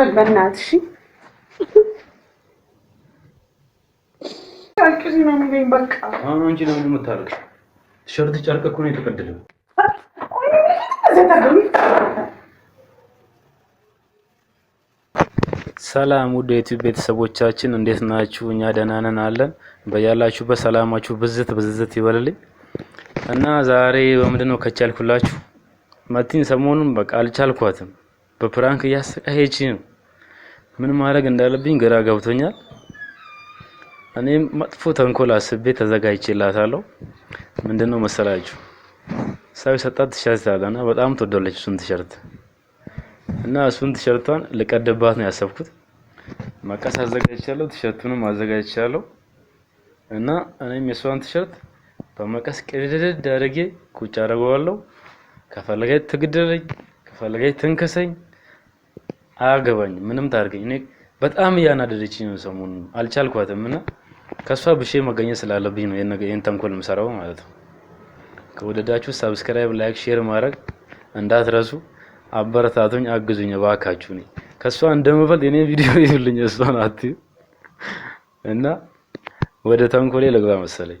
በል በእናትሽ አልቅሽ ነው የሚለኝ። በቃ አሁን አንቺ ለምን የምታለቅሽ? ቲሸርት ጨርቅ እኮ ነው የተቀደደው። ሰላም ውድ የዩቲዩብ ቤተሰቦቻችን እንዴት ናችሁ? እኛ ደህና ነን አለን። በያላችሁበት ሰላማችሁ ብዝት ብዝት ይበልልኝ እና ዛሬ በምንድነው ከቻልኩላችሁ መቲን ሰሞኑን በቃ አልቻልኳትም። በፕራንክ እያሰቃየች ነው ምን ማድረግ እንዳለብኝ ግራ ገብቶኛል። እኔም መጥፎ ተንኮል አስቤ ተዘጋጅቼላታለሁ። ምንድነው መሰላችሁ ሰው የሰጣት ቲሸርት አለና በጣም ትወዳለች እሱን ቲሸርት እና እሱን ቲሸርቷን ልቀድባት ነው ያሰብኩት። መቀስ አዘጋጅቻለሁ፣ ቲሸርቱንም አዘጋጅቻለሁ እና እኔም የእሷን ቲሸርት በመቀስ ቅድድድ አድርጌ ቁጭ አደርገዋለሁ። ከፈለገች ትግደለኝ፣ ከፈለገች ትንከሰኝ አያገባኝም። ምንም ታርገኝ። እኔ በጣም እያናደደችኝ ነው ሰሞኑን፣ አልቻልኳትም እና ከእሷ ብሼ መገኘት ስላለብኝ ነው ይህን ተንኮል የምሰራው ማለት ነው። ከወደዳችሁ ሰብስክራይብ፣ ላይክ፣ ሼር ማድረግ እንዳትረሱ። አበረታቱኝ፣ አግዙኝ እባካችሁ። እኔ ከእሷ እንደምበልጥ እኔ ቪዲዮ ይብልኝ እሷን አትዩ እና ወደ ተንኮሌ ልግባ መሰለኝ።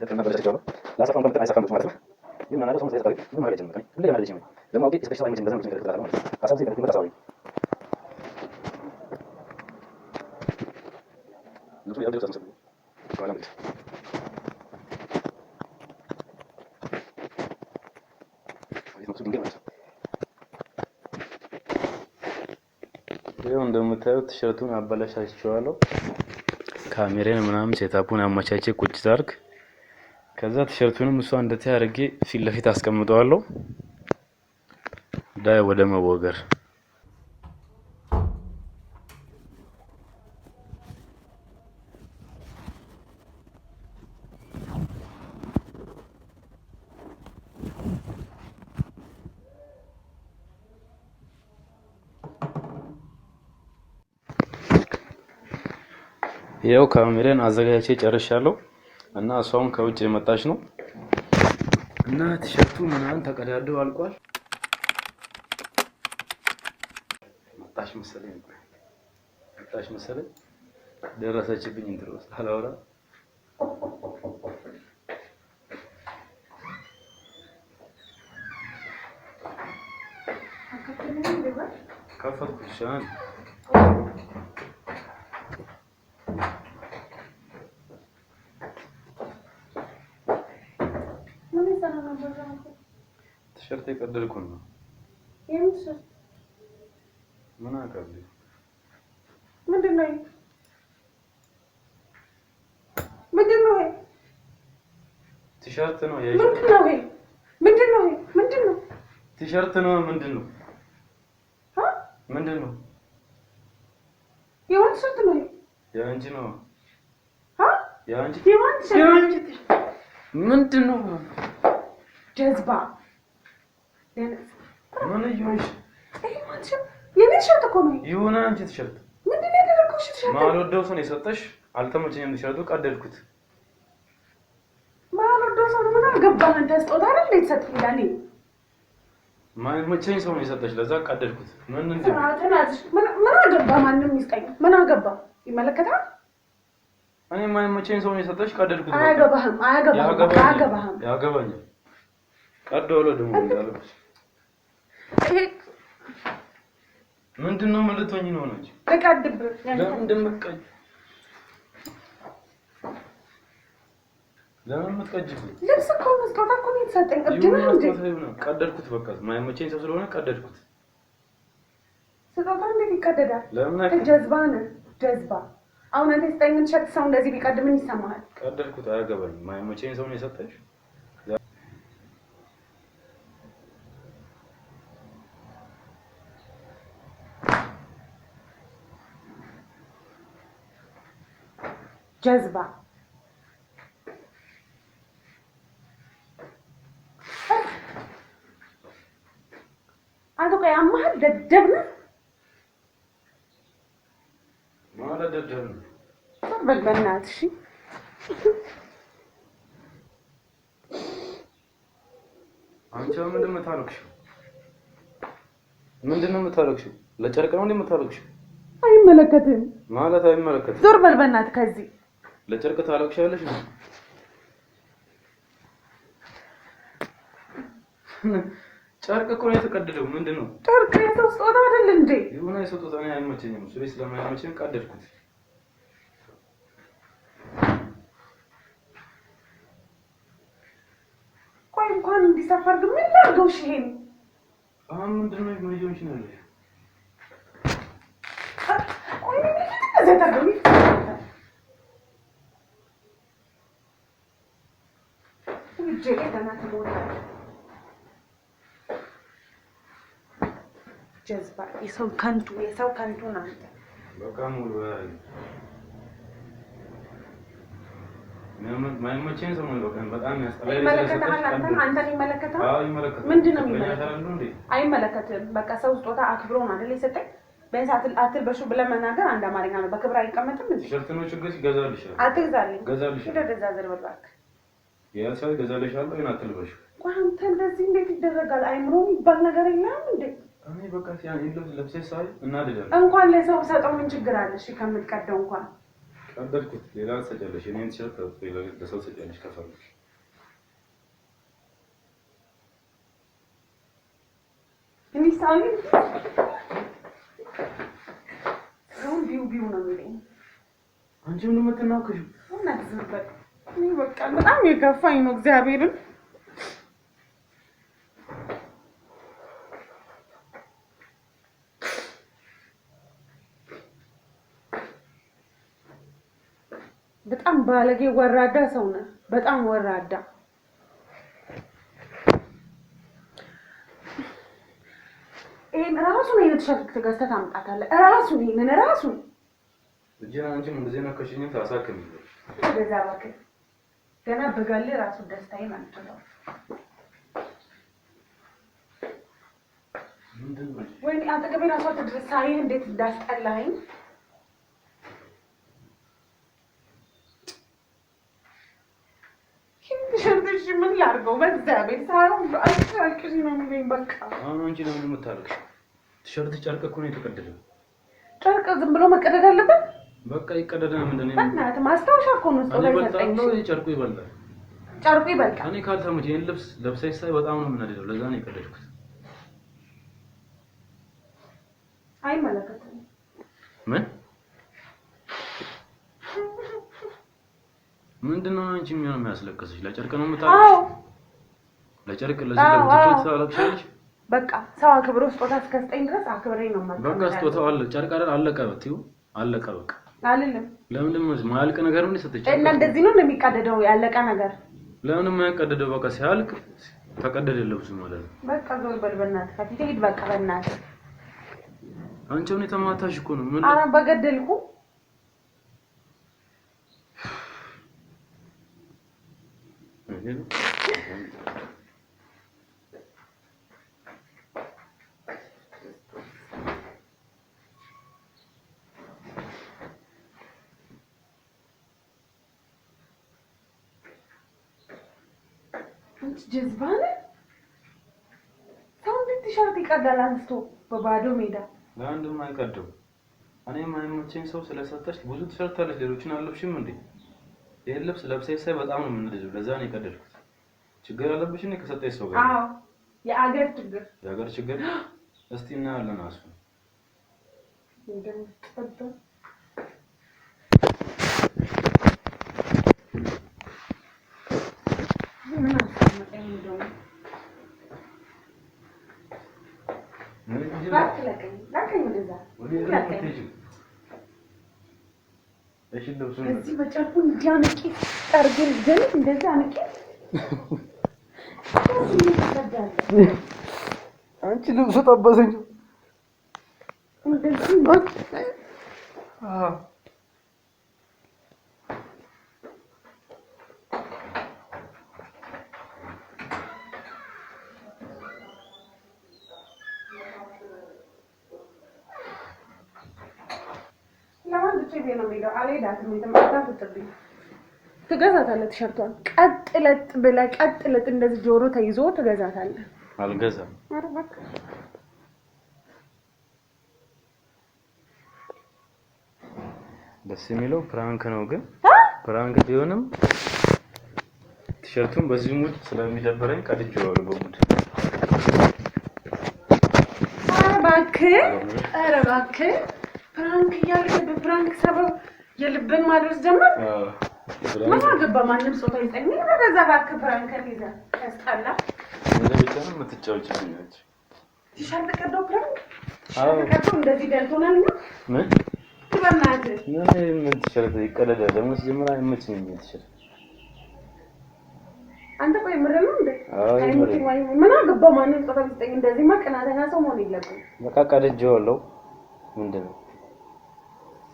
ይኸው እንደምታዩት ቲሸርቱን አበላሻችኋለሁ። ካሜራን ምናምን ሴታፑን አመቻቼ ቁጭ ታርክ ከዛ ቲሸርቱንም እሷ እንደዚህ አድርጌ ፊት ለፊት አስቀምጠዋለሁ። ዳይ ወደ መወገር ያው ካሜራን አዘጋጅቼ ጨርሻለሁ። እና እሷም ከውጭ የመጣች ነው እና ቲሸርቱ ምናምን ተቀዳደው አልቋል። መጣች መሰለኝ መጣች መሰለኝ ደረሰችብኝ። እንትን ውስጥ አላወራ ከፈትኩሻን ቲሸርት የቀደድኩት ነው። ምን አውቃለሁ? ምንድን ነው ምንድን ነው? ቲሸርት ነው። ምንድን ነው ምንድን ነው? ቲሸርት ነው። ምንድን ነው ምንድን ነው? የወንድ ቲሸርት ነው። የአንቺ ነው። የአንቺ የአንቺ ምንድን ነው? ጀዝባ ምን እየሆንሽ? የኔ ቲሸርት እኮ ነው። ይሁን አንቺ ቲሸርት ምንድን ነው ያደረገው? ቲሸርት ማልወደው ሰው ነው የሰጠሽ። አልተመቸኝም ቲሸርቱ፣ ቀደድኩት። ማልወደው ሰው ነው። ምን አልገባህ አንተ። ስጦታ አይደል እንደ የተሰጠኝ ዳኒ። ማይመቸኝ ሰው ነው የሰጠሽ፣ ለዛ ቀደድኩት። ምን ምን አገባ? ማንም ይስጠኝ፣ ምን አገባ? ይመለከታል እኔ ማይመቸኝ ሰው ነው የሰጠሽ፣ ቀደድኩት። አያገባህም፣ አያገባህም፣ አያገባህም። ያገባኛል ቀዶ ብሎ ደሞ ያለበት ምንድን ነው? መልቶኝ ነው ነው ተቀድብህ ለምን እንደምትቀጭ ለምን የምትቀጭብህ? ልብስ እኮ መስታወት እኮ ነው የተሰጠኝ። እብድ ነው እንዴ? ቀደድኩት። በቃ ማይመቸኝ ሰው ስለሆነ ቀደድኩት። ስጦታ እንዴት ይቀደዳል? ለምን ጀዝባ ነህ? ጀዝባ አሁን አንተ የሰጠኝን ሸጥ ሰው እንደዚህ ቢቀድምን ይሰማሃል? ቀደድኩት። አያገባኝም። ማይመቸኝ ሰው ነው የሰጠኝ ጀዝባ አንተ ቆይ አማህል ደደብ ነህ። ማለት ደደብ ነህ በል በእናትህ። እሺ አንቺ ምንድን ነው የምታለቅሽው? ምንድን ነው የምታለቅሽው? ለጨርቅ ነው የምታለቅሽው? አይመለከትህም። ማለት አይመለከትህም። ዞር በል በእናትህ ከዚህ ለጨርቅ ታለቅሻለሽ ነው ጨርቅ እኮ ነው የተቀደደው። ምንድን ነው ጨርቅ? የሰው ስጦታ አይደል እንዴ? የሆነ የሰው ስጦታ ነው። አይመቸኝም። እሱ ስለማይመቸኝ ቀደድኩት። ቆይ እንኳን እንዲሰፈር ግን ምን ላድርገው? እሺ ይሄን አሁን ምንድን ነው የማየው? እሺ እጄ ላይ ገና ትሞታለህ። ጀዝባ የሰው ከንቱ የሰው ከንቱ ናንተ ማይመቸኝ ሰሞን በቀን በጣም ያስጠላል። ይመለከታል፣ አንተን አይመለከትም። በቃ ሰው ስጦታ አክብሮ ነው አይደል የሰጠኝ። ቢያንስ አትልበሹ መናገር አንድ አማርኛ ነው። በክብር አይቀመጥም። ሸርት ነው ችግር ይገዛልሻል። አትግዛልኝ። ገዛልሽ። በቃ ያ ሰው ገዛለሻለሁ ይሄን አትልበሽ። ቆይ አንተ እንደዚህ እንዴት ይደረጋል? አይምሮ የሚባል ነገር የለም እንዴ? እኔ በቃ ሲያን ይልብ ለብሴ ሳይ እናደዳለን። እንኳን ለሰው ሰጠው ምን ችግር አለ? እሺ ከምትቀደው እንኳን ቀደድኩት። ሌላ ሰጃለሽ እኔን ሸጥ ለሰው ሰጃለሽ ከፈለሽ እኔ ሳሚ ሰውን ቢው ቢው ነው የሚለኝ። አንቺ ምን የምትናከሹ? እውነት ዝም በቃ በቃ በጣም የከፋኝ ነው እግዚአብሔርን በጣም ባለጌ ወራዳ ሰው ነህ። በጣም ወራዳ ይሄን ራሱን አይነት ሸርክ ትገዝተህ ታምጣታለህ። ራሱን ይሄንን ራሱን እጄን አንቺም እንደዚህ ነካሽኝ ታሳክም ገና በጋለ ራሱ ደስታዬ ማለት ነው። ወይኔ አጠገቤ ራሷ ተድረስ ሳይህ እንዴት እንዳስጠላኝ። ሸርሽ ምን ነው አሁን ቲሸርት ጨርቅ እኮ ነው የተቀደደው። ጨርቅ ዝም ብሎ መቀደድ አለበት። በቃ ይቀደደ ነው። ምንድን ነው በእናትህ ማስታወሻ እኮ ነው። ጨርቁ ይበልጣል፣ ጨርቁ ይበልጣል። እኔ ካልተመቼ ይሄን ልብስ ለብሳይ ሳይ በጣም ነው የምናደደው። ለዛ ነው የቀደድኩት። አይመለከትም። ምን ምንድን ነው አንቺ የሚያስለቅስሽ? ለጨርቅ ነው የምታለቅሽ? ለጨርቅ ለዚህ በቃ ሰው አክብሮ ስጦታ እስከ ስጠኝ ድረስ አክብሬ ነው ማለት በቃ ስጦታው አለ። ጨርቅ አይደል? አለቀ። በቃ አልልም። ለምንድን ነው የማያልቅ ነገር ምን ሰጥቼ እና እንደዚህ ነው የሚቀደደው? ያለቀ ነገር ለምን የማይቀደደው? በቃ ሲያልቅ ተቀደደ ልብሱ ማለት ነው። በቃ ዞር በል በእናትህ፣ ከፊቴ ሂድ በቃ በእናትህ። አንቺ ምን የተማታሽ እኮ ነው። ምን ኧረ በገደልኩ አንቺ ጀዝባ ነህ። ሰው እንዴት ቲሸርት ይቀዳል አንስቶ በባዶ ሜዳ? ለአንድም አይቀደው። እኔም አይመቸኝ ሰው ስለሰጠች ብዙ ቲሸርት ሌሎችን አለብሽም እንዴ? ይህን ልብስ ለብሰሽ ሳይ በጣም ነው የምንልጅው። ለዛ ነው የቀደድኩት። ችግር አለብሽ እኔ ከሰጠሽ ሰው ጋር? አዎ የአገር ችግር የአገር ችግር። እስቲ እናያለን አሱ እንደምትጠበቅ እዚህ በጨርቁ እንዲያንቄ ጠርጌ ልገል እንደዚህ አንቄ አንቺ ልብሱ ጠበሰኝ። አምጥቼ ቤት ነው የሚሄደው። አልሄዳትም የትም ትገዛታለህ። ቀጥ ለጥ ቀጥ ለጥ እንደዚህ ጆሮ ተይዞ ትገዛታለህ። አልገዛም። ኧረ ደስ የሚለው ፕራንክ ነው፣ ግን ፕራንክ ቢሆንም ቲሸርቱን በዚህ ሙድ ስለሚደብረኝ ቀድጄዋለሁ። በሙድ እባክህ እባክህ ፍራንክ እያልክ በፍራንክ ሰበብ የልብን ማድረስ ጀመር። ምን አገባ? ማንም ሰው ታይጠኝ በገዛ ባክ ፍራንክ ከሚዛ ያስጣላ እንደ ብቻ ነው የምትጫወች ነች። ፍራንክ አንተ ቆይ ምረሉ እንዴ? አይ ምን አገባ? ሰው እንደዚህ ማቀናደና ሰው መሆን የለብን። ምንድን ነው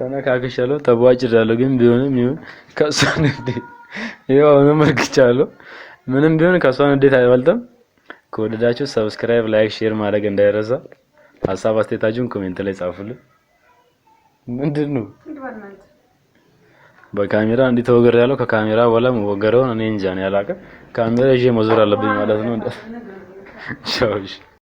ተነካክሻለሁ፣ ተቧጭቻለሁ። ግን ቢሆንም ይሁን ከእሷ ንዴት ይኸው አሁንም እርግቻለሁ። ምንም ቢሆን ከእሷ ንዴት አይበልጥም። ከወደዳችሁ ሰብስክራይብ፣ ላይክ፣ ሼር ማድረግ እንዳይረሳ። ሀሳብ አስተያየታችሁን ኮሜንት ላይ ጻፉልን። ምንድን ነው በካሜራ እንዲህ ተወገር ያለው ከካሜራ በኋላ መወገረውን እኔ እንጃ ነው ያላቀ ካሜራ ይዤ መዞር አለብኝ ማለት ነው። ሻውሽ